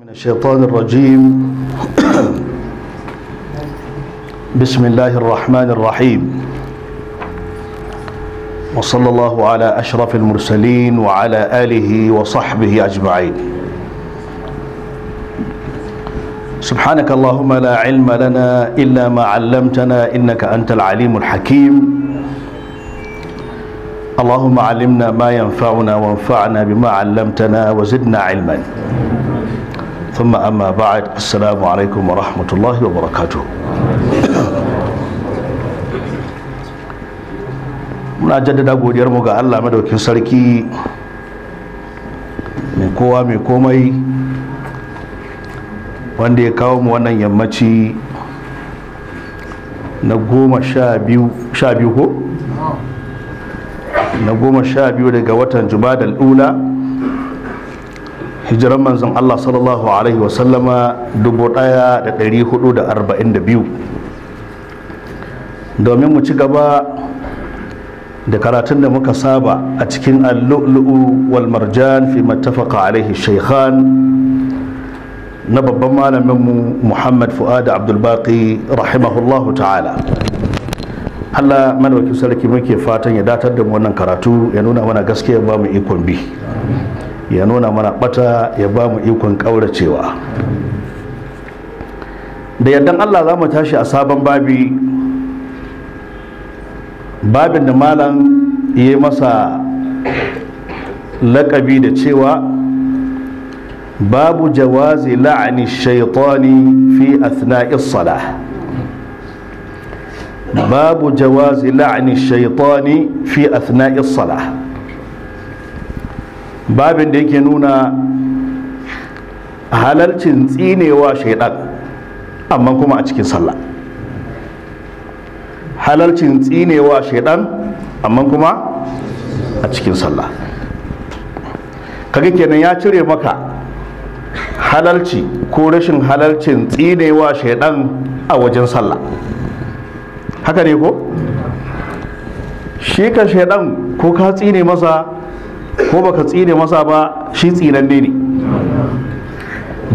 من الشيطان الرجيم بسم الله الرحمن الرحيم وصلى الله على أشرف المرسلين وعلى آله وصحبه أجمعين سبحانك اللهم لا علم لنا إلا ما علمتنا إنك أنت العليم الحكيم اللهم علمنا ما ينفعنا وانفعنا بما علمتنا وزدنا علما ثم أما بعد السلام عليكم ورحمة الله وبركاته muna jaddada godiyarmu ga allah madaukin sarki mai kowa mai komai wanda ya kawo mu wannan yammaci na goma sha biyu ko? na goma sha biyu daga watan da ula hijiran manzon Allah sallallahu alaihi wasallama biyu, domin mu ci gaba da karatun da muka saba a cikin allu'lu'u wal marjan fi mattafaqa alaihi shaykhan na babban malaminmu Muhammad Fuad Abdulbaqi rahimahullahu ta'ala Allah madaukakin sarki muke fatan ya datar da mu wannan karatu ya nuna mana gaskiya ba mu ikon bi ya nuna mana bata ya ba mu ikon ƙauracewa da yardan allah za mu tashi a sabon babi babin da malam ya masa lakabi da cewa babu jawazi la'ani shaitani fi athna'is salah babu jawazi la'ani shaitani fi athna'is salah babin da yake nuna halalcin tsinewa shaidan amma kuma a cikin sallah halalcin tsinewa shaidan amma kuma a cikin sallah kaga kenan ya cire maka halalci ko rashin halalcin tsinewa shaidan a wajen sallah haka ne ko shi ka shaidan ko ka tsine masa ko baka tsine masa ba shi tsinanne ne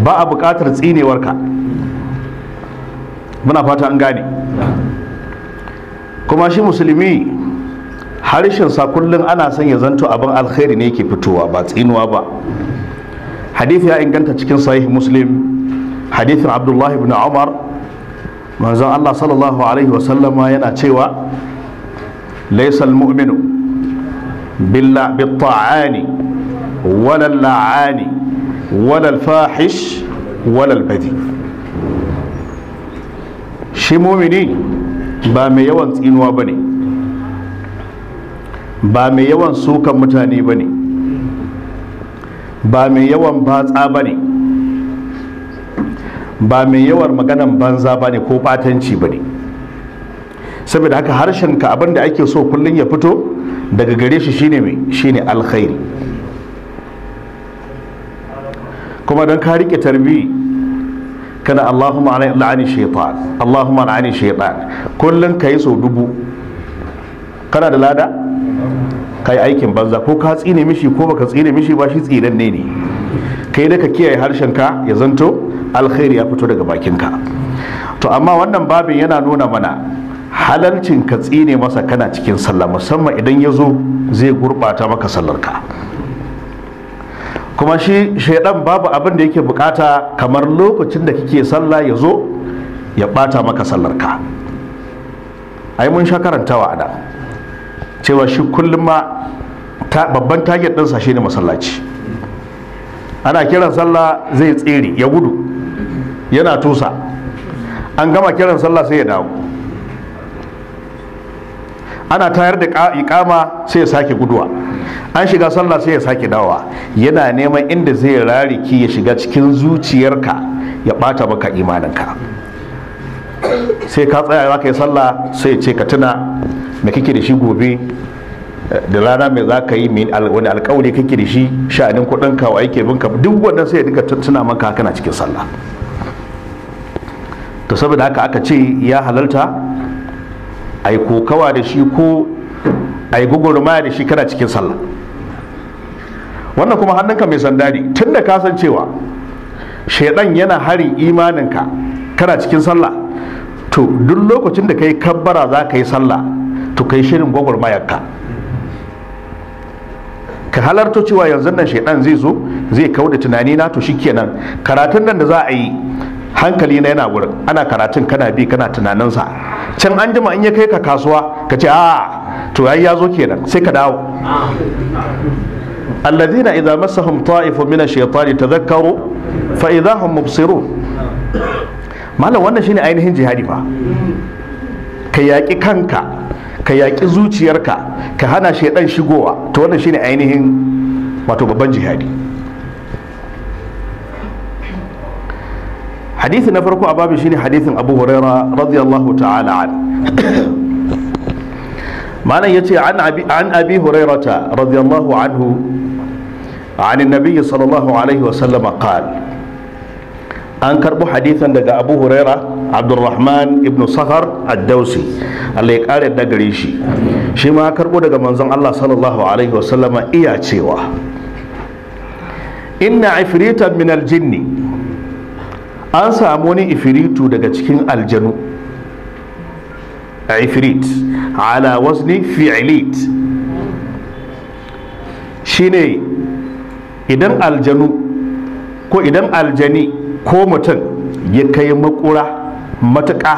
ba a buƙatar tsinewarka muna fata an gane kuma shi musulmi harshen sa kullum ana son ya zanto abin alkhairi ne ke fitowa ba tsinuwa ba hadith ya inganta cikin sahih muslim hadithin abdullah ibn umar manzon allah sallallahu alaihi wasallama yana cewa laisal mu'minu بالطاعان ولا اللعان ولا الفاحش ولا البذي shi mumini ba mai yawan tsinuwa ba ne ba mai yawan sukan mutane ba ne ba mai yawan batsa ba ne ba mai yawan maganan banza ba ne ko batanci ba ne saboda haka harshenka abinda ake so kullum ya fito daga gare shi shine mai shine alkhairi kuma don ka rike tarbi kana Allahumma la'ani shaitan Allahumma la'ani shaitan kullum ka yi sau dubu kana da lada ka yi aikin banza ko ka tsine mishi ko baka tsine mishi ba shi tsinanne ne kai da ka kiyaye harshen ka ya zanto alkhairi ya fito daga bakinka to amma wannan babin yana nuna mana halalcin ka tsine masa kana cikin sallah musamman idan ya zo zai gurɓata maka sallarka kuma shi shaidan babu abin da yake bukata kamar lokacin da kike sallah ya zo ya ɓata maka sallarka ai mun sha karantawa a da cewa shi kullum ma babban target ɗinsa shine masallaci ana kiran sallah zai tsere ya gudu yana tusa an gama kiran sallah sai ya dawo ana tayar da ikama sai ya sake guduwa an shiga sallah sai ya sake dawa yana neman inda zai rariki ya shiga cikin zuciyarka ya bata maka imaninka sai ka tsaya za ka sallah sai ce ka tuna me kake da shi gobe da rana mai za ka yi wani alkawari kake da shi sha'anin kuɗin ka wa aike binka duk wannan sai ya dinka tuna maka kana cikin sallah to saboda haka aka ce ya halalta yi kokawa da shi ko ai gugurma da shi kana cikin sallah wannan kuma hannunka mai sanda ne tun da cewa shaidan yana harin imaninka kana cikin sallah to duk lokacin da ka yi kabbara za ka yi sallah to ka yi shirin gwagwarmayarka ka halarto cewa yanzu nan shaidan zai zo zai kawo da tunani na to shikenan karatun nan da za a yi hankali na yana wurin ana karatun kana bi kana tunaninsa can an jima in ya kai ka kasuwa ka ce a to ya zo kenan sai ka dawo alladhina idza massahum ta'ifun min ash-shaytani tadhakkaru fa idza hum mubsirun malam wannan shine ainihin jihadi fa ka yaƙi kanka ka yaƙi zuciyarka ka hana shaidan shigowa to wannan shine ainihin wato babban jihadi hadisi na farko a babu shine hadisin abu hurera radiyallahu ta'ala an malam yace an abi an abi radiyallahu anhu عن النبي صلى الله عليه وسلم قال an karbo hadisan daga abu hurera abdulrahman ibn sahar addausi allah ya ƙara yadda gare shi shi ma karɓo daga manzon allah sallallahu alaihi wasallama iya cewa ina ifritan min aljinni an samu wani ifiritu daga cikin aljanu a ifirit ala wasni fi'ilit shine idan aljanu ko idan aljani ko mutum ya kai makura matuka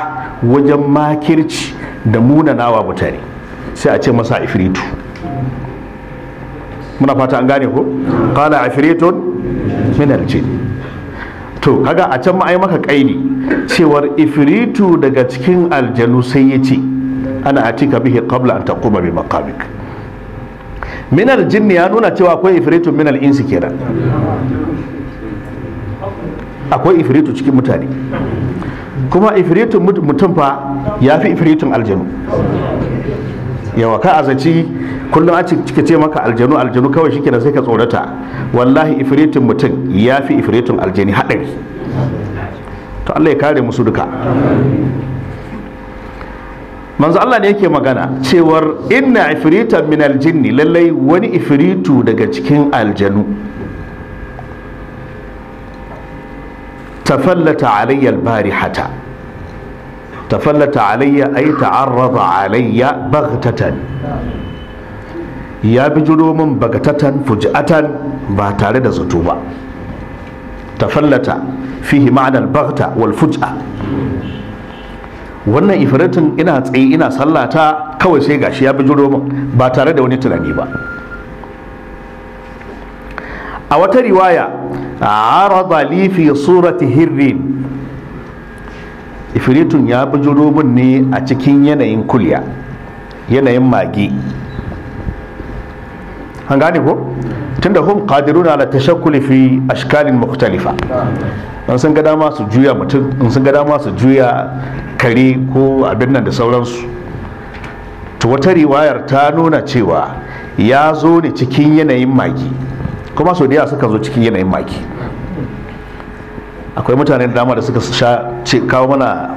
wajen makirci da munanawa mutane sai a ce masa ifiritu muna fata an gane ko kala ifiritun min to kaga a can ma'ai maka kaidi cewar ifiritu daga cikin aljanu sai ya ce ana cika bihe kabla an takuma bi makamik. minar jinni ya nuna cewa akwai ifiritu minal insi kenan akwai ifiritu cikin mutane kuma ifiritu mutum fa ya fi ifiritun aljanu yawa ka azaci kullum a cike ce maka aljanu aljanu kawai shi sai ka tsorata wallahi ifiritin mutum ya fi ifiritin aljani haɗari to Allah ya kare musu duka manzo Allah ne yake magana cewar inna ifiritan min aljinni lallai wani ifiritu daga cikin aljanu tafallata alayyal hata. tafallata alayya ay ta'arrada alayya baghtatan ya bijiro min bagatatan fuji'atan ba tare da zato ba tafallata fihi ma'anar baghta wal fuj'a wannan ifritin ina tsaye ina sallata kawai sai gashi ya bijiro min ba tare da wani tunani ba a wata riwaya arada li fi surati hirrin ifiritun ya bi min ne a cikin yanayin kulya yanayin magi an gane ko tunda hum na da tashakkuli fi ashkalin mukhtalifa in sun gada masu su juya mutum in sun gada masu juya kare ko abin nan da sauransu to wata riwayar ta nuna cewa ya zo ne cikin yanayin magi kuma sau da suka zo cikin yanayin magi akwai mutane da dama da suka sha ce kawo mana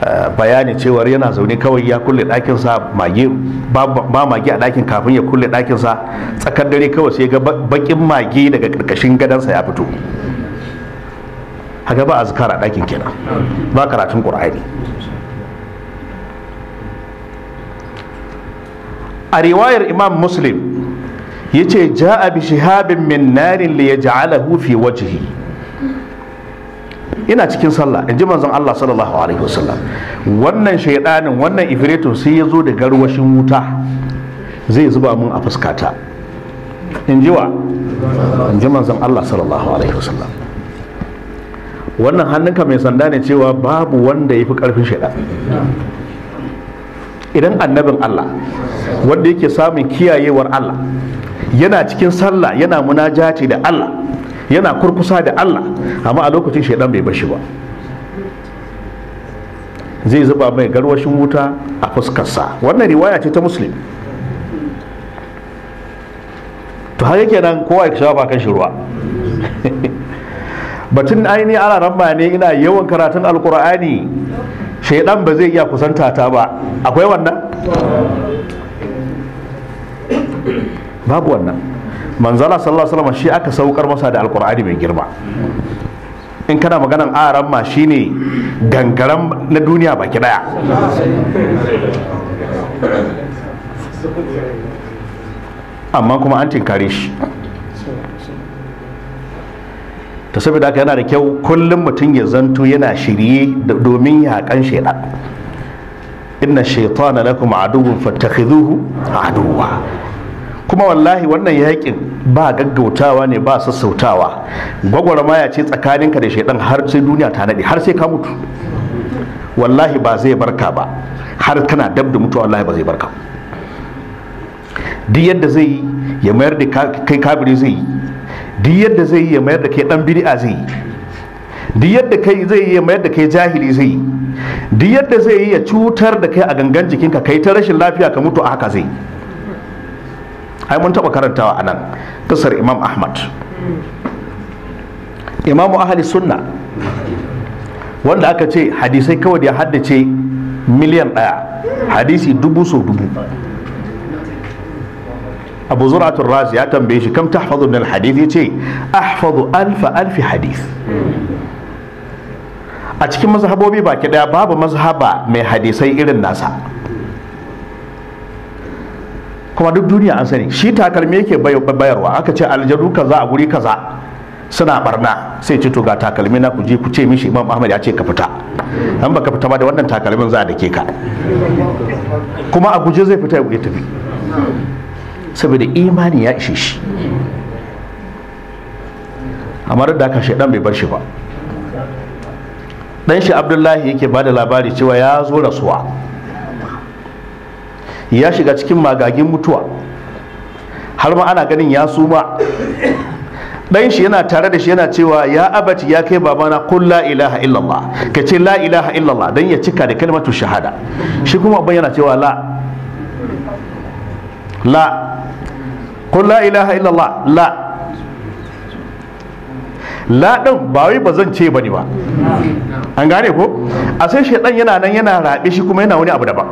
eh, bayani cewar yana zaune kawai ya kulle ɗakinsa mage ba mage a ɗakin kafin ya kulle ɗakinsa tsakar dare kawai sai ga bakin mage daga ƙarƙashin gadansa ya fito haka ba azkar a ɗakin kenan ba karatun ƙur'ani a riwayar imam muslim ya ce ja'a bi shihabin min narin li yaj'alahu fi wajhi ina cikin sallah in ji manzon Allah sallallahu alaihi wasallam wannan shaidanin wannan ifritu sai ya zo da garwashin wuta zai zuba mun a fuskata in ji wa in ji manzon Allah sallallahu alaihi wasallam wannan hannunka mai sanda ne cewa babu wanda ya fi karfin shaydan idan annabin Allah wanda yake samun kiyayewar Allah yana cikin sallah yana munajati da Allah yana kurkusa da Allah amma a lokacin shaidan bai bashi ba zai zuba mai garwashin wuta a fuskarsa wannan riwaya ce ta muslim to har yake nan kowa ya shafa kan shi ruwa batun aini ana ramba ne ina yawan karatun alkur'ani shaidan ba zai iya kusanta ta ba akwai wannan babu wannan manzala sallallahu alaihi shi aka saukar masa da alkur'ani mai girma in kana maganan aran ma shine gangaran na duniya baki daya amma kuma an tinkare shi ta saboda haka yana da kyau kullum mutum ya zanto yana shirye domin ya haƙan inna shaitana lakum aduwwun fattakhidhuhu aduwwa kuma wallahi wannan yakin ba gaggautawa ne ba sassautawa ya ce tsakaninka da shaidan har sai duniya ta nade har sai ka mutu wallahi ba zai barka ba har kana dab da mutuwa wallahi ba zai barka duk yadda zai yi ya mayar da kai kabiri zai yi duk yadda zai yi ya mayar da kai dan bid'a zai yi duk yadda kai zai yi ya mayar da kai jahili zai yi duk yadda zai yi ya cutar da kai a gangan jikinka kai ta rashin lafiya ka mutu a haka zai yi ai mun taɓa karantawa a nan tasar imam ahmad imamu ahli sunna wanda aka ce hadisai kawai da ya haddace miliyan ɗaya hadisi dubu so dubu abu zuratun razi ya tambaye shi kam tahfazu min hadith ce ahfazu alfa alfi hadith a cikin mazhabobi baki daya babu mazhaba mai hadisai irin nasa kuma duk duniya an sani shi takalmi yake bayarwa aka ce aljadu kaza a guri kaza suna barna sai ce to ga takalmi na ku je ku ce mishi imam ahmad ya ce ka fita an baka fita ba da wannan takalmin za a dake ka kuma a guje zai fita ya tafi saboda imani ya ishe shi amma duk da haka shaidan bai bar shi ba dan shi abdullahi yake bada labari cewa ya zo rasuwa ya shiga cikin magagin mutuwa har ma ana ganin ya suma Ɗan shi yana tare da shi yana cewa ya abaci ya kai babana kun la ilaha illallah ka ce la ilaha illallah don ya cika da kalmatu shahada shi kuma abin yana cewa la la kun la ilaha illallah la la ɗan ba wai ba zan ce ba ne ba an gane ko a sai ɗan yana nan yana raɓe shi kuma yana wani abu daban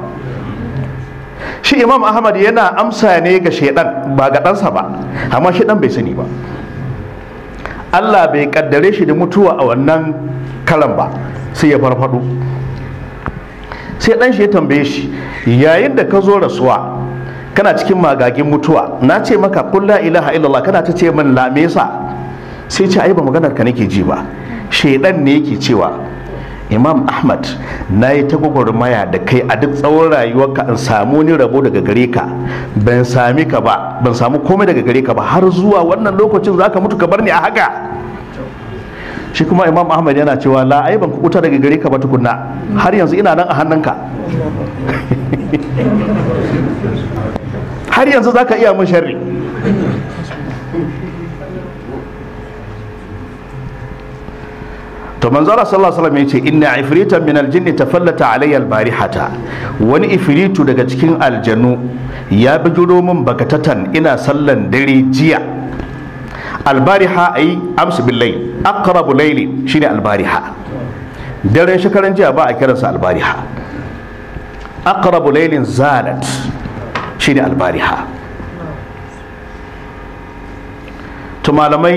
shi imam ahmad yana amsa ne ga shaidan ba ga ɗansa ba amma shaidan bai sani ba allah bai kaddare shi da mutuwa a wannan kalan ba sai ya farfado sai ɗan shi ya tambaye shi yayin da ka zo rasuwa kana cikin magagin mutuwa na ce maka kun la ilaha illallah kana ta ce min lamesa sai ce ayi ba maganar ka nake ji ba shaidan ne yake cewa imam ahmad na yi ta gwagwarmaya da kai a duk tsawon rayuwarka in samu ni rabo daga gare ka ban sami ka ba ban samu komai daga gare ka ba har zuwa wannan lokacin za ka mutu ka bar ni a haka shi kuma imam ahmad yana cewa la ai ban kukuta daga gare ka ba tukunna har yanzu ina nan a hannunka har yanzu za ka iya mun sharri to manzara sallallahu alaihi wasallam yace inna ifritan min aljinni tafallata alayya albarihata wani ifritu daga cikin aljanu ya bijiro min bakatatan ina sallan dare jiya albariha ai amsu billahi aqrabu layli shine albariha daren shekaran jiya ba a kiransa albariha aqrabu laylin zalat shine albariha to malamai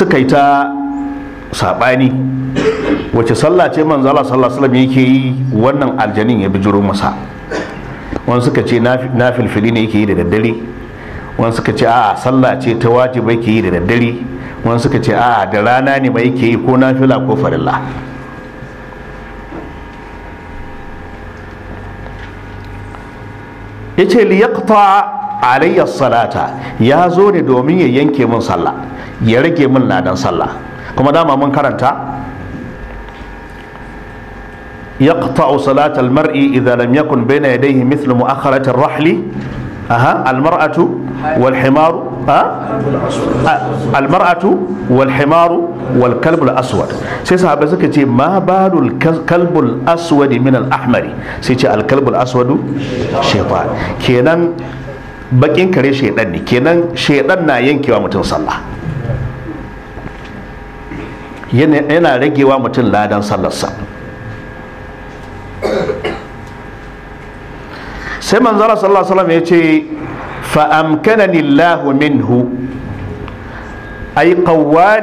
suka yi ta saɓani wace sallah ce manzo Allah sallallahu alaihi yake yi wannan aljanin ya bijiro masa wani suka ce na filfili ne yake yi da daddare wani suka ce a sallah ce ta wajiba yake yi da daddare wani suka ce a da rana ne ba yake yi ko nafila ko farilla yace li yaqta alayya salata ya zo ne domin ya yanke min sallah ya rage min ladan sallah kuma dama mun karanta yaqta salata almar'i idza lam yakun bayna yadayhi mithlu mu'akhirat ar-rahl aha almar'atu wal himar ha wal himar wal kalb al aswad sai sahaba suka ce ma balu al kalb al min al ahmar sai ce al kalb al aswad kenan bakin kare shaydan ne kenan shaydan na yankewa mutum sallah yana ragewa mutum ladan sallarsa sai manzara sallallahu ya ce fa'amkanani Allahu minhu ai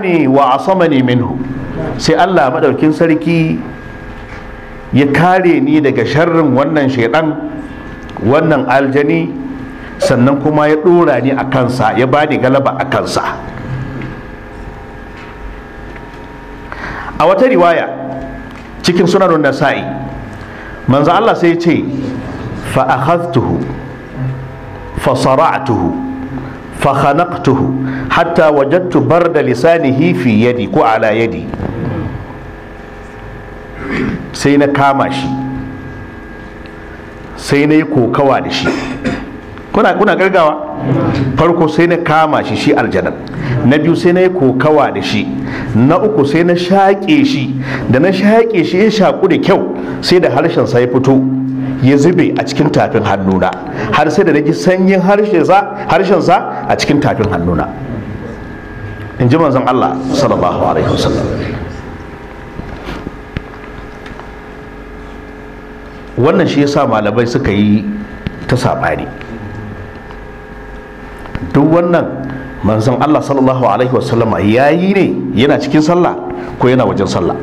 ne wa asamani minhu sai Allah maɗaukin sarki ya kare ni daga sharrin wannan shaidan wannan aljani sannan kuma ya ɗora ni a kansa ya bani galaba a kansa a wata riwaya cikin sunanun nasa'i manzo Allah sai ya ce fa akhadtuhu fa sara'tuhu fa khanaqtuhu hatta wajadtu barda lisanihi fi yadi ko ala yadi sai na kama shi sai na yi kokawa da shi kuna kuna gargawa farko sai na kama shi shi aljanan na biyu sai na yi kokawa da shi na uku sai na shaƙe shi da na shaƙe shi ya shaƙu da kyau sai da harshen sa ya fito ya zube a cikin tafin hannuna har sai da na ji sanyin harshen sa a cikin tafin hannuna in ji manzon Allah sallallahu alaihi wasallam wannan shi yasa malamai suka yi ta sabari. duk wannan manzon Allah sallallahu alaihi wasallama yayi ne yana cikin sallah ko yana wajen sallah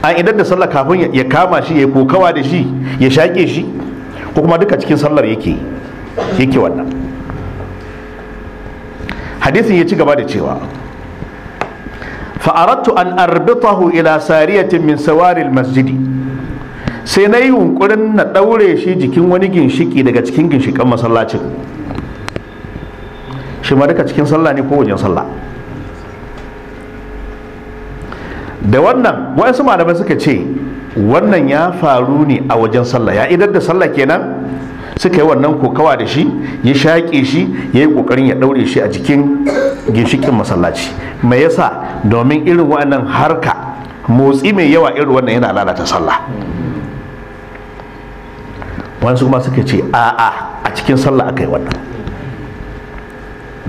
an idan da sallah kafin ya kama shi ya kokawa da shi ya shaƙe shi ko kuma duka cikin sallar yake yake wannan hadisin ya ci gaba da cewa fa'arattu an arbitahu ila sariyatin min sawaril masjidi sai na yi yunkurin na ɗaure shi jikin wani ginshiki daga cikin ginshikan masallacin shi ma duka cikin sallah ne ko wajen sallah da wannan su malamai suka ce wannan ya faru ne a wajen sallah ya idar da sallah kenan suka yi wannan kokawa da shi ya shaƙe shi ya yi ƙoƙarin ya ɗaure shi a jikin ginshikin masallaci mai yasa domin irin wannan harka motsi mai yawa irin wannan yana lalata sallah su kuma suka ce a'a a cikin sallah aka yi wannan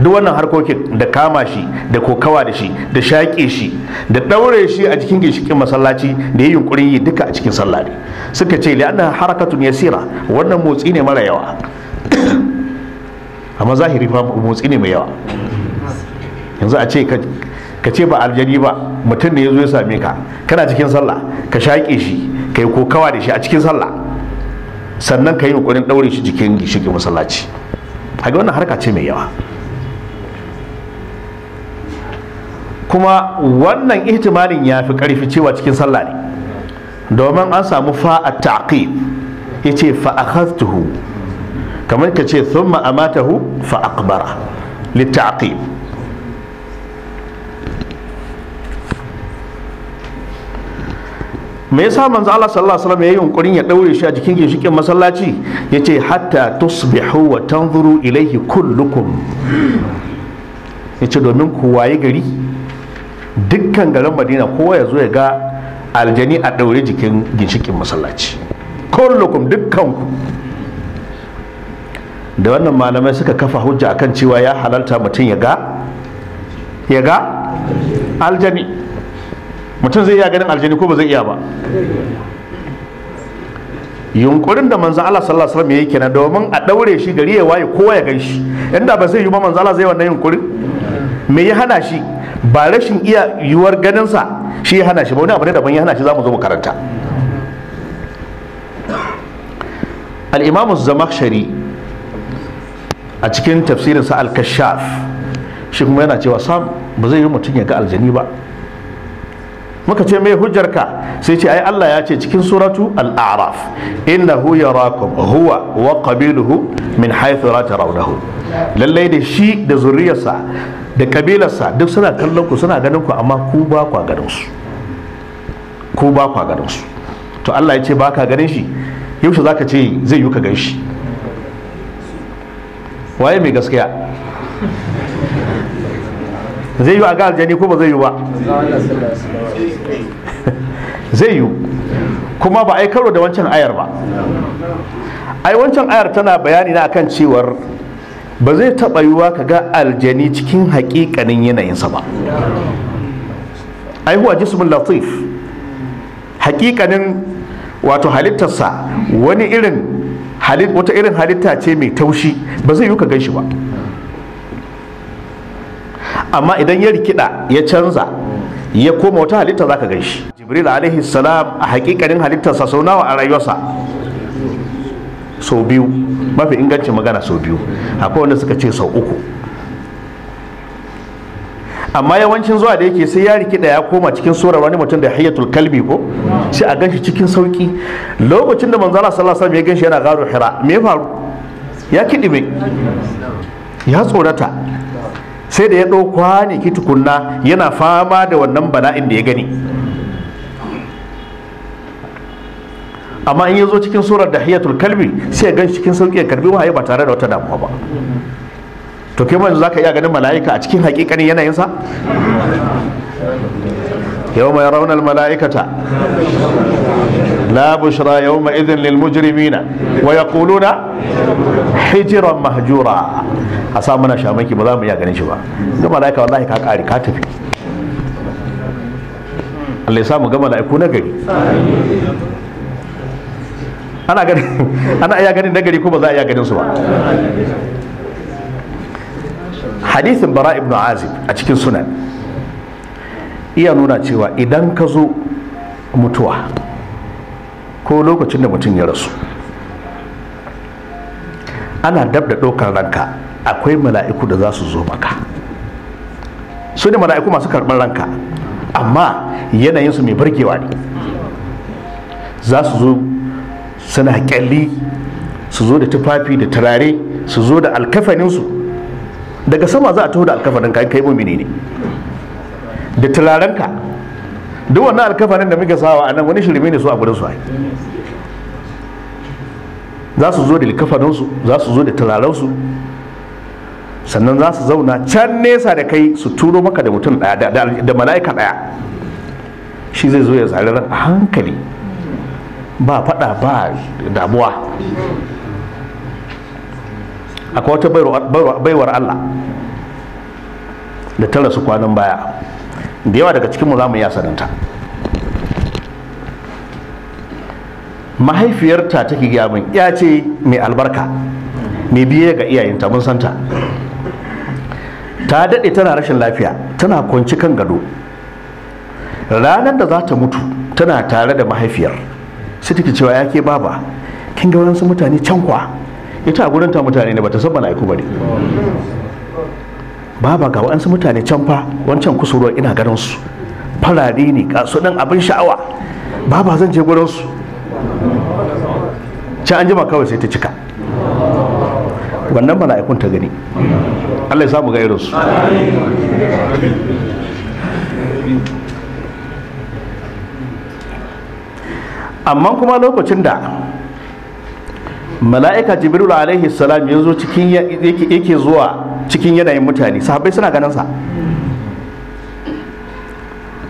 duk wannan harkokin da kama shi da kokawa da shi da shaƙe shi da ɗaure shi a cikin ginshikin masallaci da yi yunkurin yi duka a cikin sallah ne suka ce li'anna harakatun yasira wannan motsi ne mara yawa amma zahiri fa motsi ne mai yawa yanzu a ce ka ce ba aljani ba mutum ne ya zo ya same ka kana cikin sallah ka shaƙe shi ka yi kokawa da shi a cikin sallah sannan ka yi yunkurin ɗaure shi jikin ginshikin masallaci a ga wannan harka ce mai yawa kuma wannan ihtimalin ya fi ƙarfi cewa cikin sallah ne domin an samu fa'a taqib ya ce fa'akhaztuhu kamar ka ce thumma amatahu fa'aqbara littaqib me yasa manzo Allah sallallahu alaihi wasallam yayi yunkurin ya daure shi a jikin ginshikin masallaci yace hatta tusbihu wa tanzuru ilaihi kullukum yace domin ku waye gari dukkan garin madina kowa ya zo ya ga aljani a ɗaure jikin ginshikin masallaci kullukum dukkanku da wannan malamai suka kafa hujja akan cewa ya halarta mutum ya ga ya ga aljani mutum zai iya ganin aljani ko ba zai iya ba yunkurin da manzan Allah sallallahu alaihi wasallam yayi kenan domin a daure shi gari ya waye kowa ya ganshi inda ba zai yi ba manzan Allah zai wannan yunkurin me ya hana shi ba rashin iya yiwuwar ganinsa shi ya hana shi ba wani abu ne daban ya hana shi za mu zo mu karanta al'imamu zamakshari a cikin tafsirinsa al-kashaf shi kuma yana cewa sam ba zai yi mutum ya ga aljani ba muka ce mai hujjarka sai ce ai Allah ya ce cikin suratu al-a'raf innahu yarakum huwa wa qabiluhu min haythu tarawnahu lallai da shi da zuriyarsa da kabilarsa duk suna kallon ku suna ganin ku amma ku ba kwa ganin su ku ba kwa ganin su to Allah ya ce ba ka ganin shi yaushe zaka ce zai yi ka gan shi waye mai gaskiya zai yi a ga aljani ko ba zai yi ba zai yi kuma ba a yi karo da wancan ayar ba ai wancan ayar tana bayani na akan cewar ba zai taɓa yiwa ka ga aljani cikin haƙiƙanin yanayinsa ba ai huwa jismin latif haƙiƙanin wato halittarsa wani irin wata irin halitta ce mai taushi ba zai yi ka gan shi ba amma idan ya rikida ya canza ya koma wata halitta zaka gan shi jibril alaihi salam a hakikanin halittarsa sau nawa a rayuwarsa sau biyu mafi ingancin magana sau biyu akwai wanda suka ce sau uku amma yawancin zuwa da yake sai ya rikida ya koma cikin surar wani mutum da hayyatul kalbi ko sai a ganshi cikin sauki lokacin da manzala sallallahu alaihi ya ganshi yana garo hira me faru ya me? ya tsorata sai da ya ne ki tukunna yana fama da wannan bala'in da ya gani amma in ya zo cikin surar da hiyatul kalbi sai ya gan cikin sauƙi ya karbi wahayi ba tare da wata damuwa ba to kai yanzu zaka iya ganin mala'ika a cikin haƙiƙanin yanayinsa yau mai raunar mala'ikata la bushra yau ma'izin lil mujrimina wa yaquluna hijiran mahjura a sa muna shamaki ba za mu iya ganin shi ba ga mala'ika wallahi ka kare ka tafi Allah ya samu ga mala'iku na gari ana ganin ana iya ganin na gari ko ba za a iya ganin su ba hadisin bara ibn azib a cikin sunan iya nuna cewa idan ka zo mutuwa ko lokacin da mutum ya rasu ana dab da ɗaukar ranka akwai mala'iku da za su zo maka su ne mala'iku masu karɓar ranka amma yanayinsu mai burgewa ne za su zo suna kyalli su zo da tufafi da turare su zo da alkafaninsu daga sama za a taho da alkafanin kayan kai mumini ne da turarenka duk wannan alkafanin da muke sawa a nan wani shirme ne su a gurin ai za su zo da alkafaninsu za su zo da turarensu sannan za su zauna can nesa da kai su turo maka da mutum daya da mala'ika daya. shi zai zo ya zari ran a hankali ba fada ba damuwa akwai wata baiwar Allah da ta su kwanan baya da yawa daga cikinmu za mu yi mahaifiyarta ta gaya min ya ce mai albarka mai biye ga iyayenta mun santa ta daɗe tana rashin lafiya tana kwanci kan gado ranar da za ta mutu tana tare da mahaifiyar sai take cewa ya ke baba kin ga wasu mutane can kwa ita a gurin ta mutane ne bata san mala'iku bane baba ga wasu mutane can fa wancan kusurwar ina ganin su farare ne kasu dan abin sha'awa baba zan je gurin su can an jima kawai sai ta cika wannan mala'ikun ta gani Allah ya samu ga irinsu amma kuma lokacin da mala'ika jibril alaihi salam ya zo cikin yake zuwa cikin yanayin mutane sahabbai suna ganinsa. sa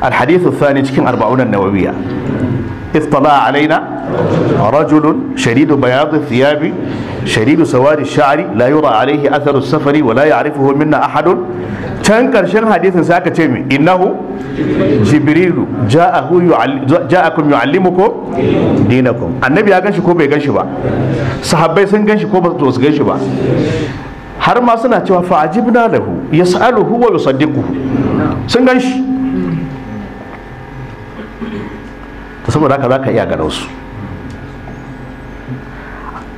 الحديث thani cikin arba'unan nawawiya istala alaina رجل شديد بياض الثياب شديد سواد الشعر لا يرى عليه اثر السفر ولا يعرفه منا احد كان كرشن حديث ساكا تيمي إنه جبريل جاءه جاءكم يعلمكم دينكم النبي أغنش كو بي غنشي با صحابي سن غنشي كو بس توس غنشي با har ma suna cewa fa ajibna lahu yas'aluhu wa yusaddiquhu sun ganshi to saboda haka zaka iya ganin su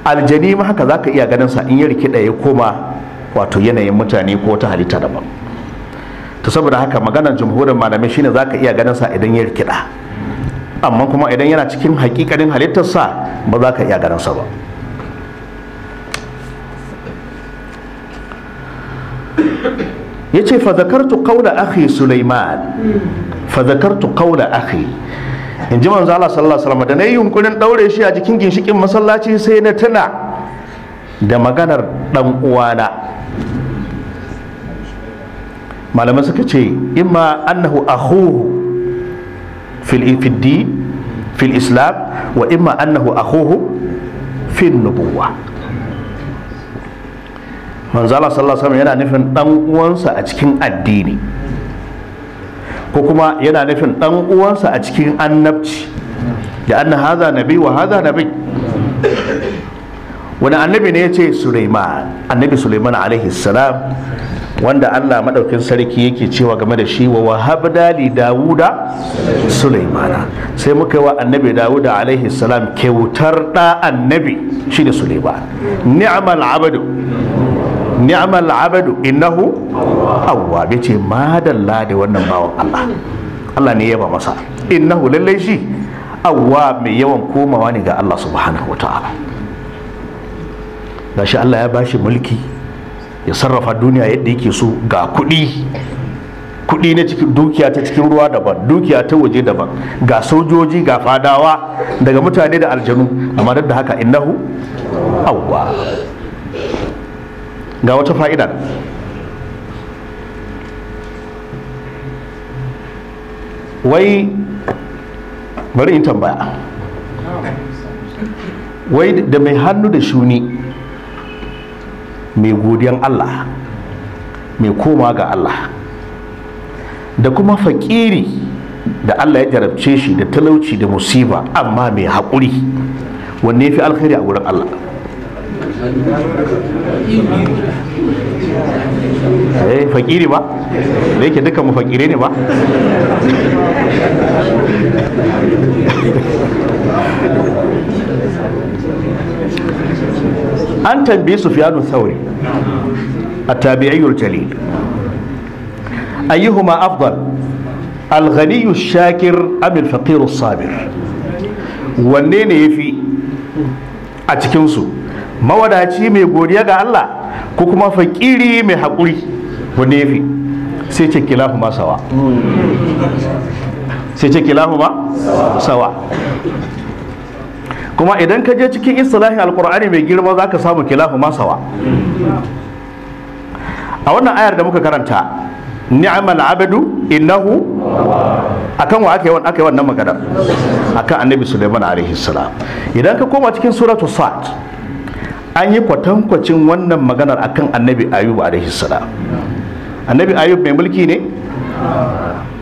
aljani ma haka ka iya ganin sa in ya rikida ya koma wato yanayin mutane ko ta halitta daban to saboda haka maganar jumhurin malamai shine ka iya ganin sa idan ya rikida amma kuma idan yana cikin hakikanin halittarsa ba za ka iya ganin sa ba yace fa zakartu qawla akhi sulaiman fa zakartu qawla akhi in ji manzo Allah sallallahu alaihi wasallam da nayi yunkurin daure shi a jikin ginshikin masallaci sai na tuna da maganar dan uwana malamai suka ce imma annahu akhuhu fil fiddi fil islam wa imma annahu akhuhu fil nubuwa manzo Allah sallallahu alaihi wasallam yana nufin dan uwansa a cikin addini ko kuma yana nufin ɗan uwansa a cikin annabci da anna haza nabi wa haza nabi wani annabi ne ya ce suleiman annabi suleiman alaihi salam wanda allah maɗaukin sarki yake cewa game da shi wa wahabda li dawuda suleimana sai muka wa annabi dawuda alaihi salam kyautar ɗa annabi shi da suleiman ni'mal abadu ni'mal abadu innahu Awwa yace madalla da wannan bawan Allah Allah ne ya ba masa innahu lallai shi awwa mai yawan komawa ne ga Allah subhanahu wataala gashi Allah ya bashi mulki ya sarrafa duniya yadda yake so ga kuɗi kuɗi na cikin dukiya ta cikin ruwa daban dukiya ta waje daban ga sojoji ga fadawa daga mutane da aljanu amma duk da haka innahu awwa ga wata fa'ida wai bari in tambaya wai da mai hannu da shuni mai godiyan Allah mai koma ga Allah da kuma faƙiri da Allah ya jarabce shi da talauci da musiba amma mai haƙuri wanne fi alkhairi a wurin Allah eh fakiri ba da yake duka mu fakire ne ba an tambayi sufyanu thauri a tabi'iyyul jalil ayyuhuma afdal الغني shakir أم faqiru الصابر wanne ne ya fi a cikinsu mawadaci mai godiya ga Allah ko kuma fakiri mai haƙuri wanda ya fi sai ce kilahu ma sawa sai ce kilahu ma sawa kuma idan ka je cikin istilahin alkur'ani mai girma za ka samu kilahu ma sawa a wannan ayar da muka karanta ni'amal abadu innahu akan wa aka yi wannan maganar akan annabi sulaiman alaihi salam idan ka koma cikin suratul sad an yi kwatankwacin wannan maganar akan annabi Ayubu alaihi annabi Ayubu mai mulki ne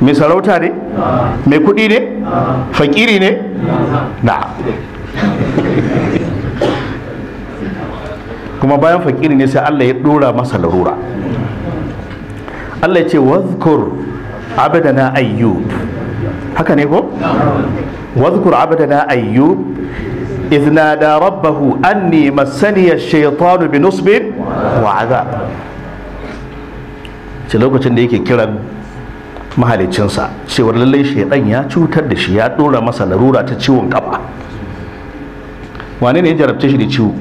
mai sarauta ne mai kuɗi ne fakiri ne na kuma bayan fakiri ne sai allah ya ɗora masa larura allah ya ce wazkur abadana ayyub haka ne ko wazkur abadana ayyub إذ نادى ربه أني مسني الشيطان بنصب وعذاب ce lokacin da yake kiran mahalicinsa cewar lallai shaidan ya cutar da shi ya dora masa larura ta ciwon kafa wane ne ya jarabce shi da ciwo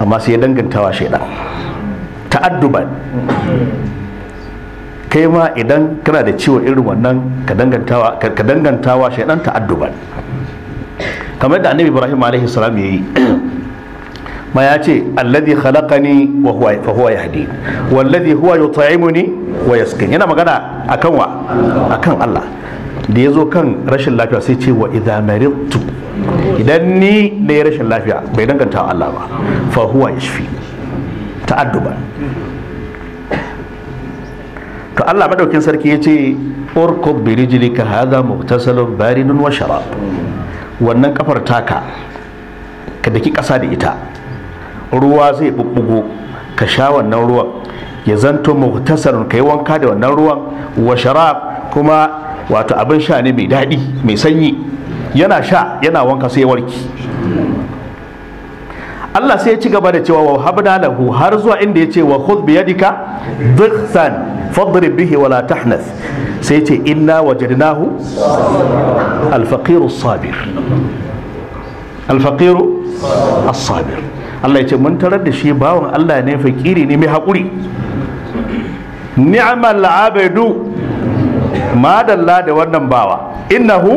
amma sai ya dangantawa shaidan ta'adduban kai ma idan kana da ciwo irin wannan ka dangantawa shaidan ta'adduban kamar da annabi ibrahim alaihi salam yayi ma ya ce alladhi khalaqani wa huwa fa huwa yahdi walladhi huwa yut'imuni wa yasqin yana magana akan wa akan Allah da ya zo kan rashin lafiya sai ce wa idza maridtu idan ni da ya rashin lafiya bai danganta Allah ba fa huwa yashfi ta'adduban to Allah madaukin sarki ya ce urkub bi rijlika hadha mugtasalun barinun wa sharab wannan kafar taka ka daki ƙasa da ita ruwa zai bubbugo ka sha wannan ruwan ya zanto muhtasarun ka yi wanka da wannan ruwan wa sharab kuma wato abin sha ne mai daɗi mai sanyi yana sha yana wanka sai warki Allah sai ya ci gaba da cewa wa Habda lahu har zuwa inda ya ce wa khudh bi yadika dhikhan fadrib bihi wala tahnas sai ce inna wajadnahu alfaqiru sabir alfaqiru sabir Allah ya ce mun tarar da shi bawan Allah ne fakiri ne mai hakuri? ni'mal abdu madalla da wannan bawa innahu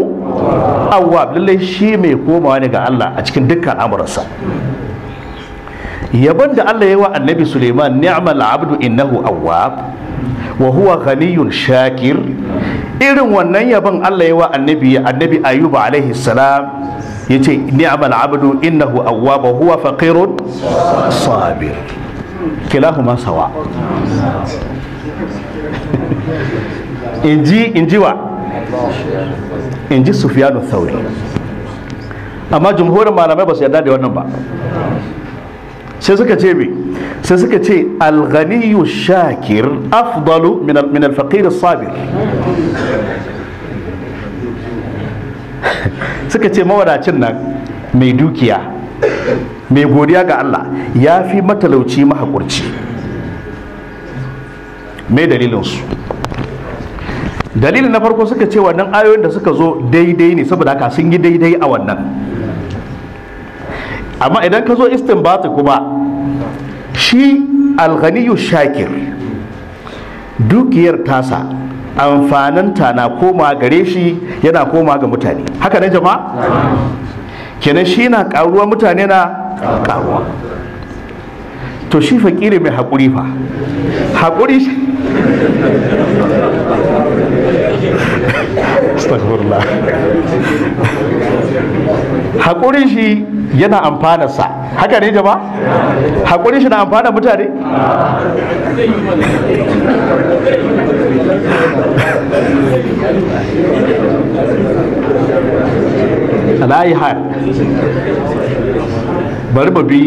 awwab lallai shi mai komawa ne ga Allah a cikin dukkan amuransa yabon da Allah ya wa annabi Suleiman ni'mal abdu innahu awwab wa huwa ghaniyun shakir irin wannan yabon Allah ya wa annabi annabi ayyuba alaihi salam yace ni'mal abdu innahu awwab huwa faqirun sabir kilahuma sawa inji inji wa inji sufyanu thawri amma jumhurin malamai ba su yarda da wannan ba sai suka ce me sai suka ce alghaniyu shakir afdalu min alfaqir sabir suka ce mawadacin nan mai dukiya mai godiya ga Allah ya fi matalauci mahaƙurci mai dalilinsu dalilin na farko suka ce wannan ayoyin da suka zo daidai ne saboda haka sun yi daidai a wannan amma idan ka zo istinbati kuma shi alghaniyu shakir dukiyar tasa amfananta na koma gare shi yana koma ga mutane haka ne jama'a kenan shi na karuwa mutane na karuwa to shi fakiri mai haƙuri fa haƙuri shi haƙuri shi yana amfana sa haka ne jama haƙuri shi na amfana mutane alayi har bari mu bi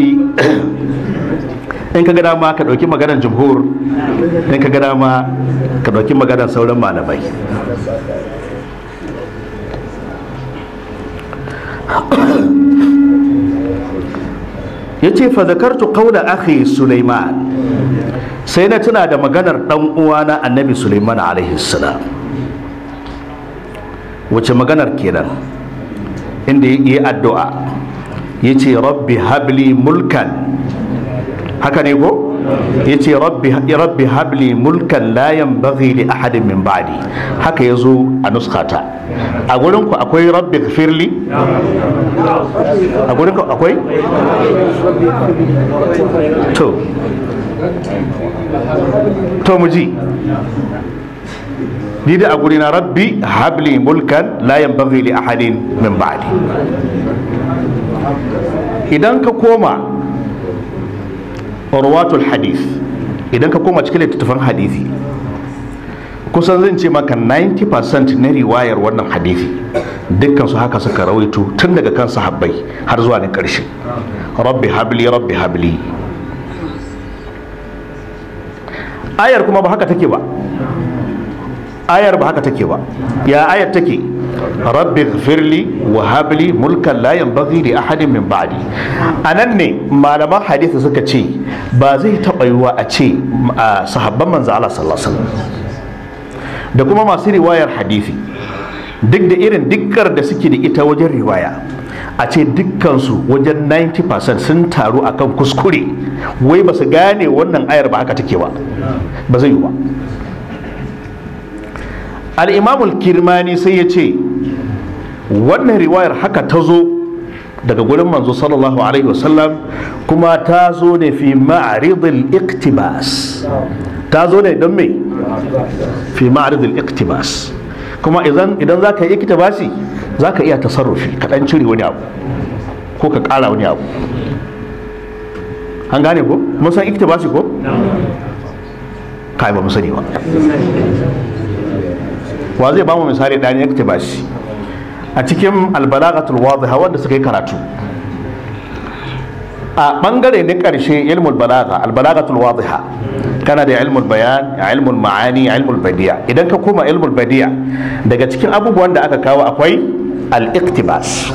in ka gada ma ka ɗauki maganar jumhur in ka gada ma ka ɗauki maganar sauran malamai ya ce fa zakartu qawla ake sulaiman sai na tuna da maganar dan uwana annabi Suleiman alaihi salam wace maganar kenan inda ya yi addu'a ya ce rabbi habli mulkan haka ne ko Ya ce rabbi habli mulkan layan bagi da ahadin min ba'di haka zo a nuskata a gurinku akwai rabbi firli? a gurinku akwai to to mu ji ni da a gurina rabbi habli mulkan layan bagi da ahadin min ba'di idan ka koma urwatul hadith idan ka koma cikin littattafan hadisi kusan zan ce maka 90% na riwayar wannan hadisi dukkan su haka suka rawaito tun daga kan sahabbai har zuwa na ƙarshe rabbi habli rabbi habli ayar kuma ba haka take ba ayar ba haka take ba ya ayar take rabbi firli wa habli mulkan layan bazi da ahadin min ba'di anan ne malaman hadisi suka ce ba zai taɓa wa a ce sahabban manzo Allah sallallahu da kuma masu riwayar hadisi duk da irin dikkar da suke da ita wajen riwaya a ce dukkansu wajen 90% sun taru akan kuskure wai ba su gane wannan ayar ba haka take ba ba zai yi ba al-imamul kirmani sai ya ce wannan riwayar haka ta zo daga gurin manzo sallallahu alaihi wasallam kuma ta zo ne fi ma'aridil iktibas ta zo ne don me fi ma'aridil iktibas kuma idan za ka yi iktibasi za ka iya tasarrufi ka ɗan cire wani abu ko ka ƙara wani abu an gane ko mun san iktibasi ko kai ba mu sani ba wa zai ba mu misali ɗani iktibasi a cikin albalagatul wadiha wanda suka yi karatu a bangare na karshe ilmul balaga albalagatul wadiha kana da ilmul bayan ilmul ma'ani ilmul badiya idan ka koma ilmul badiya daga cikin abubuwan da aka kawo akwai al-iqtibas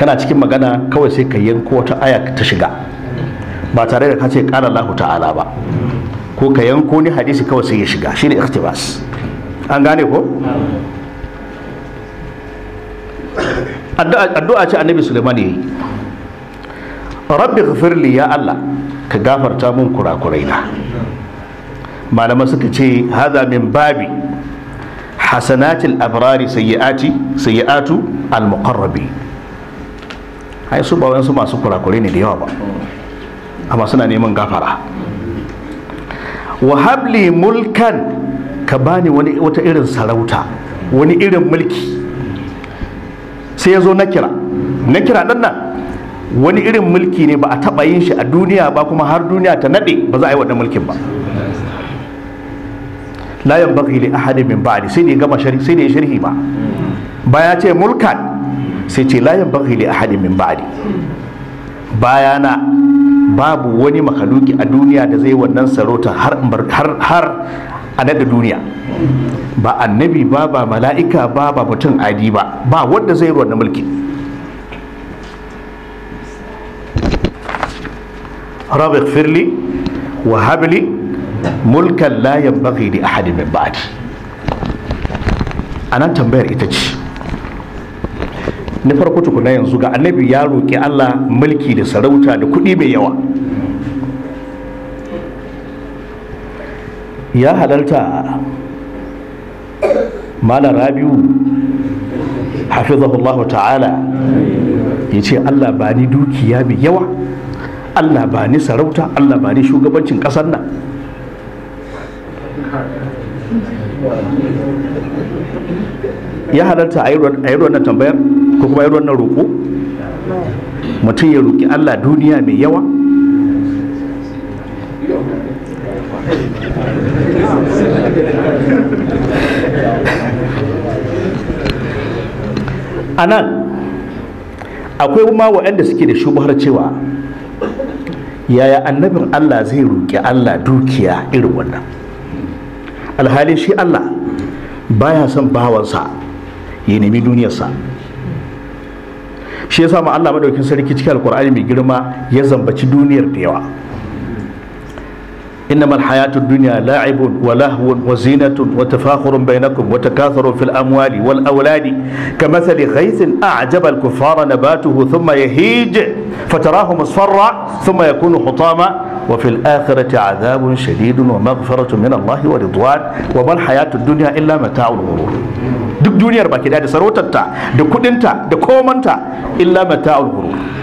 kana cikin magana kawai sai ka yanko wata aya ta shiga ba tare da ka ce qala Allahu ta'ala ba ko ka yanko ni hadisi kawai sai ya shiga shine iqtibas an gane ko addu'a ce annabi Sulaiman yayi rabbi ghafirli ya allah ka gafarta mun kurakurai na malama suka ce haza min babi hasanatil abrari sayyi'ati sayyi'atu al muqarrabi ai su ba wayansu masu kurakurai ne da yawa ba amma suna neman gafara wa mulkan ka bani wani wata irin sarauta wani irin mulki sai ya zo na kira, na kira ɗan nan wani irin mulki ne ba a taɓa yin shi a duniya ba kuma har duniya ta naɗe ba za a yi wannan mulkin ba baƙi ne a hannun min ba'adi sai da ya gama sharhi sai da ya sharhi ba ya ce mulkan sai ce baƙi ne a hannun min ba'di bayana babu wani makaluki a duniya da zai wannan sarauta har har a nan da duniya ba annabi ba ba mala'ika ba ba mutum adi ba ba wanda zai ruwa na mulki rabbi firli wa habli mulkan la yanbaghi li ahadin min ba'di anan tambayar ita ce na farko tukuna yanzu ga annabi ya roƙi Allah mulki da sarauta da kuɗi mai yawa ya halarta malar rabiu hafizahullahu ta'ala ya ce allah ba ni dukiya mai yawa allah ba ni sarauta allah ba ni shugabancin ƙasar nan ya halarta a yi wannan tambayar ko kuma yi wannan roƙo mutum ya roƙi allah duniya mai yawa anan akwai kuma waɗanda suke da shubuhar cewa yaya annabin Allah zai roƙi Allah dukiya irin wannan alhali shi Allah baya son bawansa ya nemi duniyarsa shi yasa ma Allah madaukin sarki cikin alkur'ani mai girma ya zambaci duniyar da yawa إنما الحياة الدنيا لاعب ولهو وزينة وتفاخر بينكم وتكاثر في الأموال والأولاد كمثل غيث أعجب الكفار نباته ثم يهيج فتراه مصفرا ثم يكون حطاما وفي الآخرة عذاب شديد ومغفرة من الله ورضوان وما الحياة الدنيا إلا متاع الغرور duk duniyar baki da sarautarta da kudinta da komanta illa mata'ul ghurur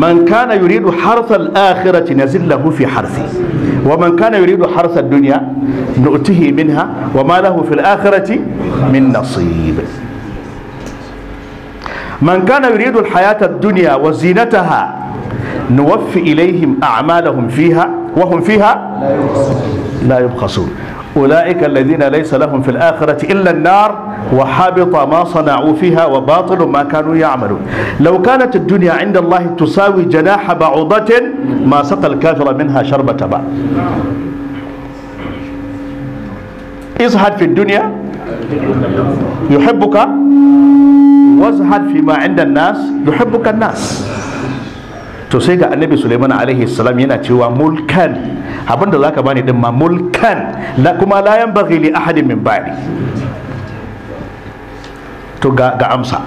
من كان يريد حرث الآخرة نزل له في حرثه ومن كان يريد حرث الدنيا نؤته منها وما له في الآخرة من نصيب من كان يريد الحياة الدنيا وزينتها نوفي إليهم أعمالهم فيها وهم فيها لا يبخسون أولئك الذين ليس لهم في الآخرة إلا النار وحبط ما صنعوا فيها وباطل ما كانوا يعملون لو كانت الدنيا عند الله تساوي جناح بعوضة ما سقى الكافر منها شربة ماء ازهد في الدنيا يحبك وازهد فيما عند الناس يحبك الناس to sai ga annabi suleiman alaihi salam yana cewa mulkan abinda zaka bani din ma mulkan la kuma la yanbaghi li ahadin min ba'di to ga, ga amsa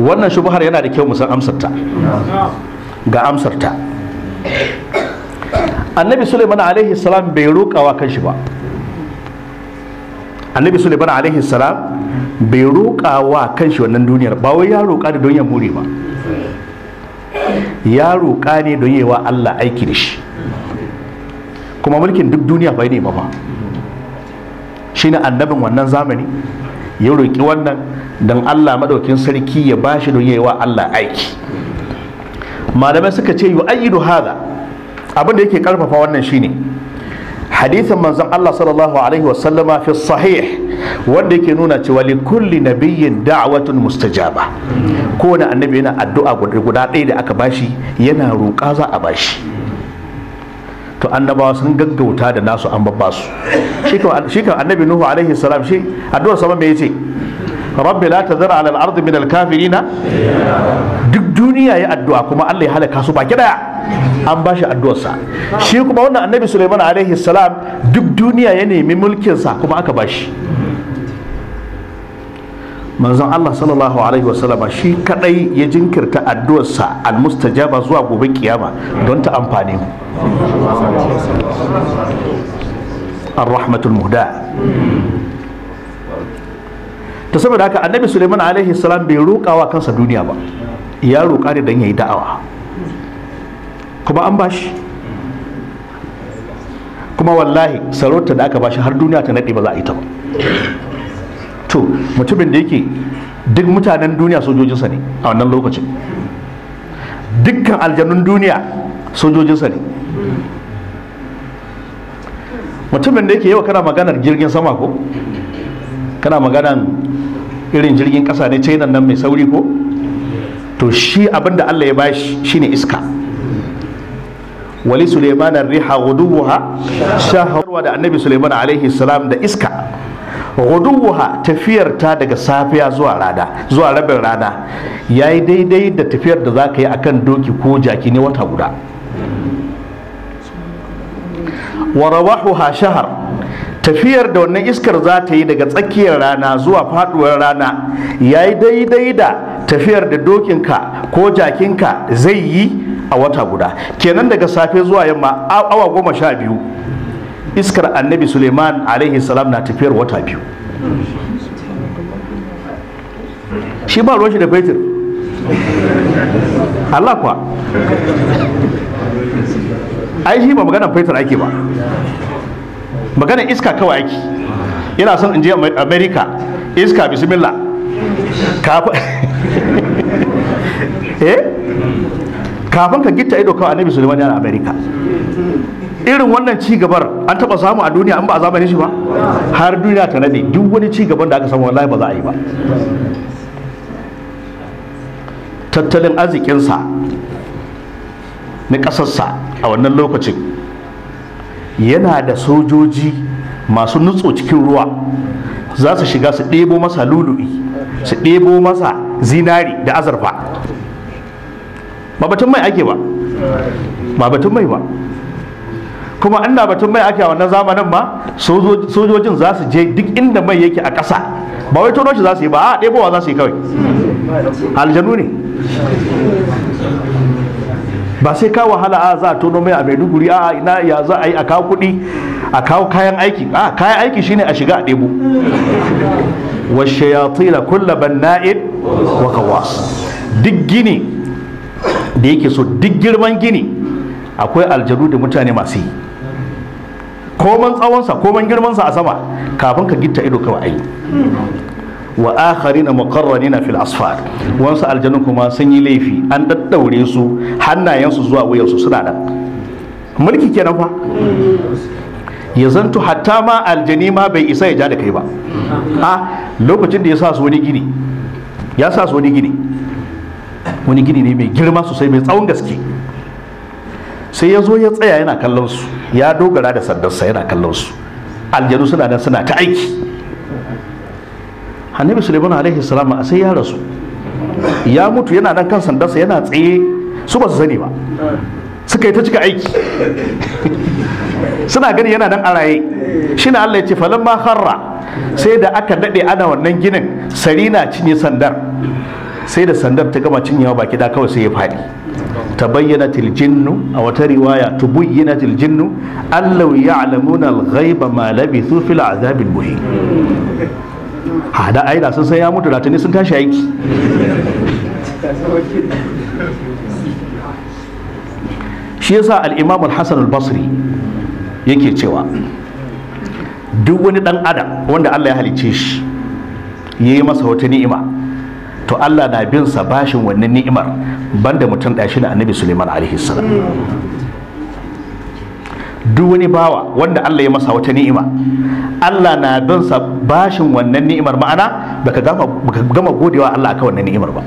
wannan shubhar yana da kyau musan amsarta ga amsarta annabi suleiman alaihi salam bai roƙawa kanshi ba annabi suleiman alaihi salam bai roƙawa kanshi wannan duniyar ba wai ya roƙa da don ya more ba ya roƙa ne don wa Allah aiki da shi kuma mulkin duk duniya bai ne ba shi ne annabin wannan zamani ya roƙi wannan don Allah maɗaukin sarki ya ba shi don wa Allah aiki malamai suka ce yi ayi hada abin da yake ƙarfafa wannan shine hadisin manzon Allah sallallahu alaihi wasallama fi sahih wanda yake nuna cewa li kulli nabiyyin da'watun mustajaba wani annabi yana addu'a guda ɗaya da aka bashi yana roƙa za a bashi to annabawa sun gaggauta da nasu an babba su shi kan annabi nuhu alaihi salam shi addu'a sama me yace rabbi la tazar ala al-ardi min al-kafirina duk duniya ya addu'a kuma Allah ya halaka su baki daya an bashi addu'ar sa shi kuma wannan annabi Sulaiman alaihi salam duk duniya ya nemi mulkin sa kuma aka bashi manzon Allah sallallahu alaihi wasallama shi kadai ya jinkirta addu'arsa almustajaba zuwa gobe kiyama don ta amfane mu ar-rahmatul muhda ta saboda haka annabi suleiman alaihi salam bai wa kansa duniya ba ya roƙa ne dan ya yi da'awa kuma an bashi kuma wallahi sarauta da aka bashi har duniya ta nade ba za a yi ta ba to mutumin da yake duk mutanen duniya sojojinsa ne a wannan lokacin dukkan aljanun duniya sojojinsa ne mutumin da yake yau kana maganar jirgin sama ko kana maganar irin jirgin kasa ne china nan mai sauri ko to shi abinda allah ya bashi ne iska wali suleiman riha guduwa shaharwa da annabi suleiman alaihi salam da iska guduwa tafiyar ta daga safiya zuwa rana zuwa rabin rana yayi daidai da tafiyar da zaka yi akan doki ko jaki ne wata guda wa shahar tafiyar da wannan iskar za ta yi daga tsakiyar rana zuwa faduwar rana yayi daidai da tafiyar da dokinka ko jakinka zai yi a wata guda kenan daga safe zuwa yamma awa goma sha biyu iskar annabi suleiman alaihi salam na tafiyar wata biyu shi ba ruwan shi da fetur Allah kwa ai shi ba maganar fetur ake ba maganar iska kawai ake Ina son in je america iska bismillah kafin eh? ka gita ido kawai annabi suleiman yana america irin wannan ci an taba samu a duniya an ba a zamanin shi ba har duniya ta nade duk wani ci gaban da aka samu wallahi ba za a yi ba tattalin arzikinsa na ƙasarsa a wannan lokacin yana da sojoji masu nutso cikin ruwa za su shiga su ɗebo masa lulu'i su ɗebo masa zinari da azurfa ba batun mai ake ba ba batun mai ba kuma inda batun mai ake a wannan zamanin ma sojojin za su je duk inda mai yake a ƙasa ba wai tono shi za su yi ba a ɗebowa za su yi kawai aljanu ne ba sai ka wahala a za a tono mai a maiduguri a ina ya za a yi a kawo kuɗi a kawo kayan aiki a kayan aiki shine a shiga a ɗebo tsira kulla banna'in wa gawas duk gini da yake so duk girman gini akwai aljanu da mutane masu yi koman tsawonsa koman girmansa a sama kafin ka gitta ido kawai ayi wa akharina muqarranina fil asfar wansu aljanu kuma sun yi laifi an daddaure su hannayensu zuwa su suna nan mulki kenan fa ya zanto hatta ma aljani ma bai isa ya ja da kai ba a lokacin da ya su wani gini ya sa su wani gini wani gini ne mai girma sosai mai tsawon gaske sai ya zo ya tsaya yana kallon su ya dogara da sandarsa yana kallon su aljanu suna nan suna ta aiki annabi suleiman alaihi salam a sai ya rasu ya mutu yana nan kan sandarsa yana tsaye su ba su sani ba suka yi ta cika aiki suna gani yana nan a raye shi na Allah ya ce ma harra sai da aka daɗe ana wannan ginin sari na cinye sandar sai da sandar ta gama cinyewa baki da kawai sai ya faɗi bayyana aljinnu a wata riwaya tubayyinat aljinnu allaw ya'lamuna alghaiba ma labithu fil azab almuhin ha da ai da sun san ya mutu da tuni sun tashi aiki shi yasa al-imam al al-basri yake cewa duk wani dan adam wanda Allah ya halicce shi yayi masa wata ni'ima to Allah na bin sa bashin wannan ni'imar banda mutum ɗaya shi da annabi Sulaiman alaihi salam duk wani bawa wanda Allah ya masa wata ni'ima Allah na bin sa bashin wannan ni'imar ma'ana baka gama gama godewa Allah akan wannan ni'imar ba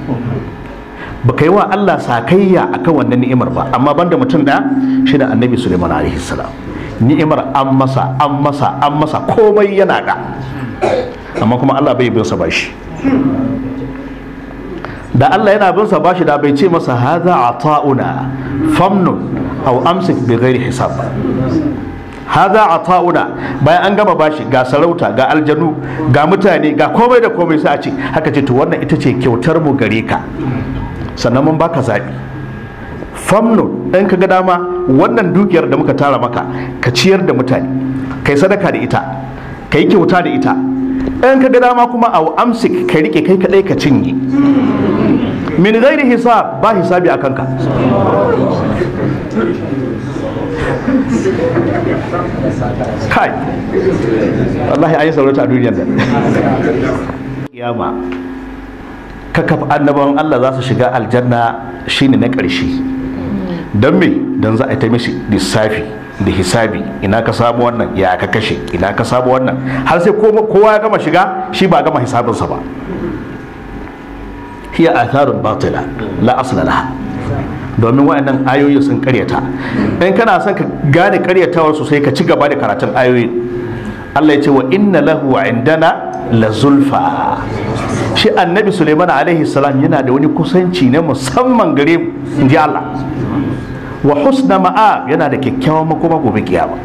baka yi wa Allah sakayya akan wannan ni'imar ba amma banda mutum da shi da annabi Sulaiman alaihi salam ni'imar an masa an masa an masa komai yana da amma kuma Allah bai bin sa bashi da Allah yana bin sa shi da bai ce masa haza ata'una famnun aw amsik bi ghairi hisab haza ata'una bayan an gama bashi ga sarauta ga aljanu ga mutane ga komai da komai sai a ce haka ce to wannan ita ce kyautar mu gare ka sannan mun baka zabi famnun ɗan ka ga dama wannan dukiyar da muka tara maka ka ciyar da mutane kai sadaka da ita kai kyauta da ita ɗan ka ga dama kuma a amsik ka rike kai kaɗai ka cinye min gairi hisab ba hisabi a kanka kai wallahi an yi saurata a duniyar da kiyama kakaf annabawan Allah za su shiga aljanna shine na ƙarshe don me don za a ta mishi lissafi da hisabi ina ka samu wannan ya ka kashe ina ka samu wannan har sai kowa ya gama shiga shi ba gama hisabinsa ba hiya atharun batila la asla laha domin wayannan ayoyi sun karyata in kana son ka gane karyatawar su sai ka ci gaba da karatun ayoyin. Allah ya ce wa inna lahu indana la zulfa shi annabi Suleiman alaihi salam yana da wani kusanci na musamman gare mu inji Allah wa husna ma'a yana da kyakkyawan makoma gobe kiyama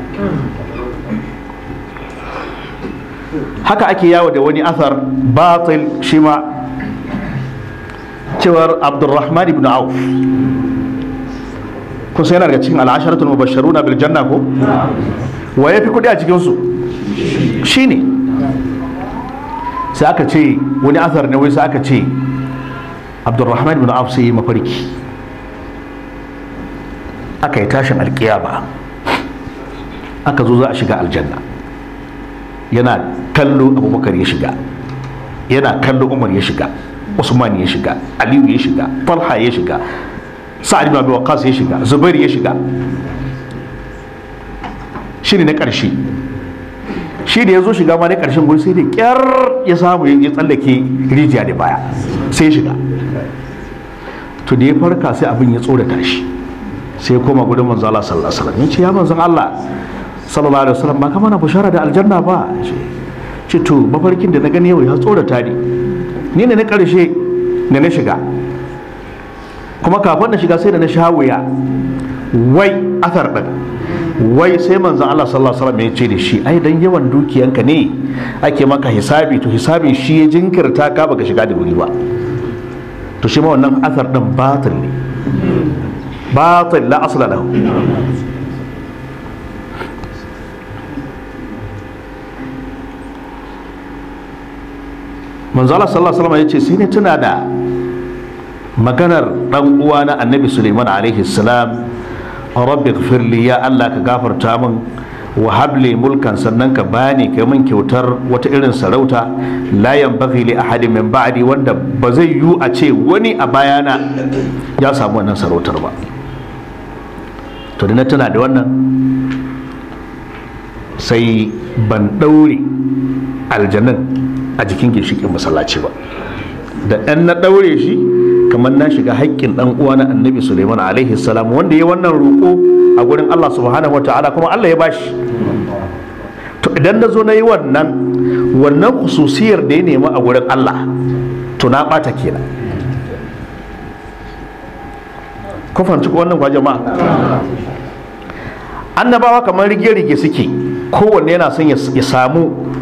haka ake yawo da wani asar batil shi ma cewar abdurrahman ibn auf kun sai yana daga cikin al'asharatul mubashsharuna bil janna ko wa yafi kudi a cikin su shine sai aka ce wani asar ne wai sai aka ce abdurrahman ibn auf sai mafarki aka yi tashin ba, aka zo za a shiga aljanna yana kallo abubakar ya shiga yana kallo umar ya shiga usman ya shiga aliyu ya shiga talha ya shiga sa'ad ibn abi waqas ya shiga zubair ya shiga shine na ƙarshe shi da ya zo shiga ma na ƙarshen guri sai da kyar ya samu ya tsallake rijiya da baya sai shiga to da ya farka sai abin ya tsoda shi sai koma gudun manzo Allah sallallahu alaihi wasallam yace ya manzo Allah sallallahu alaihi wasallam ba kamar na bushara da aljanna ba ce to mafarkin da na gani yau ya tsoda ni ni ne na ƙarshe da na shiga kuma kafin na shiga sai da na sha wuya wai athar ɗin wai sai manzan Allah sallallahu alaihi wasallam ya ce da shi ai dan yawan dukiyanka ne ake maka hisabi to hisabin shi ya jinkirta ka baka shiga da wuri ba to shi ma wannan athar ɗin batil ne batil la asla lahu manzala sallallahu alaihi wasallam ya ce sai ne tuna da maganar dan uwa na annabi suleiman alaihi salam rabbi ghfirli ya allah ka gafarta min wa habli mulkan sannan ka bani kai min kyautar wata irin sarauta la yanbaghi li ahadin min ba'di wanda ba zai yu a ce wani a bayana ya samu wannan sarautar ba to da na tana da wannan sai ban daure aljannan a jikin ginshikin masallaci ba da ɗan na ɗaure shi kamar na shiga haƙƙin ɗan uwa na annabi suleiman alaihi salam wanda ya wannan roƙo a gurin allah subhanahu wa ta'ala kuma allah ya bashi to idan na zo na yi wannan wannan hususiyar da ya nema a gurin allah to na ɓata kenan kun fahimci wannan gwajama jama'a annabawa kamar rige-rige suke kowanne yana son ya samu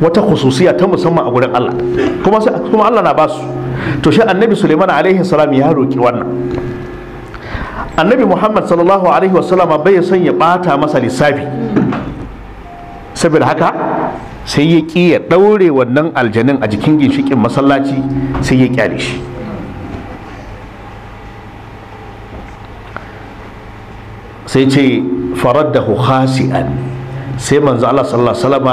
wata khususiya ta musamman a gurin Allah kuma Allah na basu to shi annabi Sulaiman alaihi salam ya roki wannan annabi Muhammad sallallahu alaihi wasallama bai son ya bata masa lissafi saboda haka sai ya ƙi ya ɗaure wannan aljanin a jikin ginshikin masallaci sai ya kyale shi sai ce faraddahu khasi'an sai manzo Allah sallallahu alaihi wasallam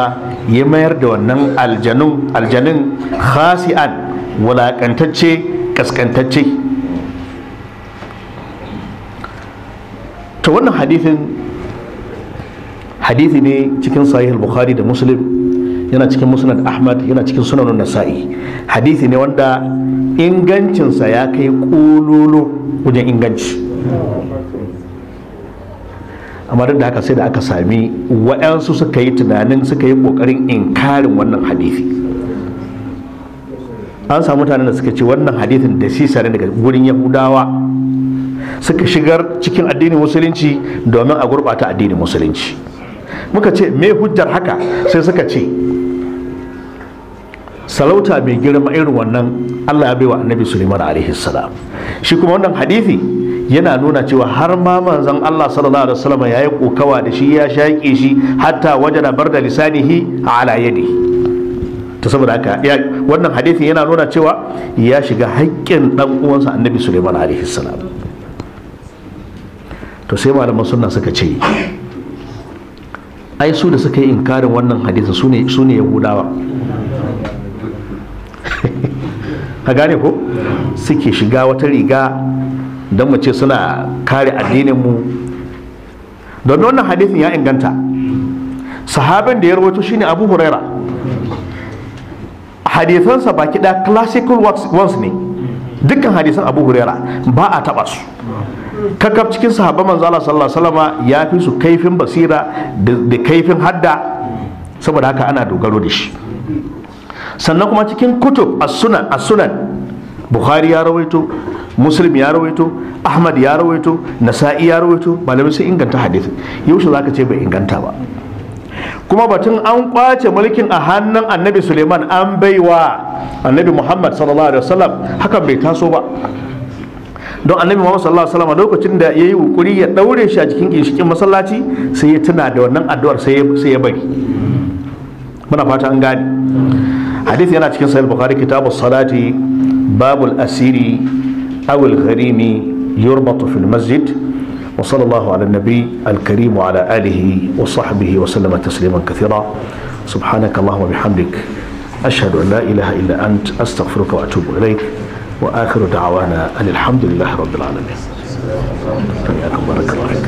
ya mayar da wannan aljanun aljanin khasi'an wulakantacce kaskantacce to wannan hadithin hadithi ne cikin sahih al-bukhari da muslim yana cikin musnad ahmad yana cikin sunan nasa'i hadithi ne wanda ingancinsa ya kai kololo wajen inganci amma duk da haka sai da aka sami wa'yansu suka yi tunanin suka yi kokarin inkarin wannan hadithi. an samu mutanen da suka ce wannan hadithin da sisa sare daga wurin yahudawa suka shigar cikin addinin musulunci domin a gurɓata addinin musulunci muka ce me hujjar haka sai suka ce salauta mai girma irin wannan allah ya baiwa annabi suleiman alaihi salam shi kuma wannan hadithi yana nuna cewa har ma manzon Allah sallallahu alaihi wasallam ya yi kokawa da shi ya shaƙe shi hatta bar da lisanihi ala yadi to saboda haka wannan hadisi yana nuna cewa ya shiga haƙƙin ɗan uwansa annabi Sulaiman alaihi salam to sai malaman sunna suka ce ai su da suka yi inkarin wannan hadisi su ne yahudawa ka gane ko suke shiga wata riga don mu ce suna kare addininmu domin wannan hadithin ya inganta sahabin da ya rawaito shine abu huraira hadithansa baki ɗaya classical ones ne dukkan hadisan abu huraira ba a taɓa su kakaf cikin sahabban manzala sallallahu sallama ya fi su kaifin basira da kaifin hadda saboda haka ana dogaro da shi sannan kuma cikin kutub a sunan bukhari ya rawaito muslim ya rawaito ahmad ya rawaito nasa'i ya rawaito malamai sai inganta hadisin yaushe zaka ce bai inganta ba kuma batun an kwace mulkin a hannun annabi suleiman an baiwa annabi muhammad sallallahu alaihi wasallam hakan bai taso ba don annabi muhammad sallallahu alaihi wasallam lokacin da ya yi hukuri ya ɗaure shi a cikin ginshikin masallaci sai ya tuna da wannan addu'ar sai ya bari muna fata an gane hadith yana cikin sahih bukhari kitabus salati باب الأسير أو الغريم يربط في المسجد وصلى الله على النبي الكريم وعلى آله وصحبه وسلم تسليما كثيرا سبحانك اللهم وبحمدك أشهد أن لا إله إلا أنت أستغفرك وأتوب إليك وآخر دعوانا أن الحمد لله رب العالمين حياكم بارك الله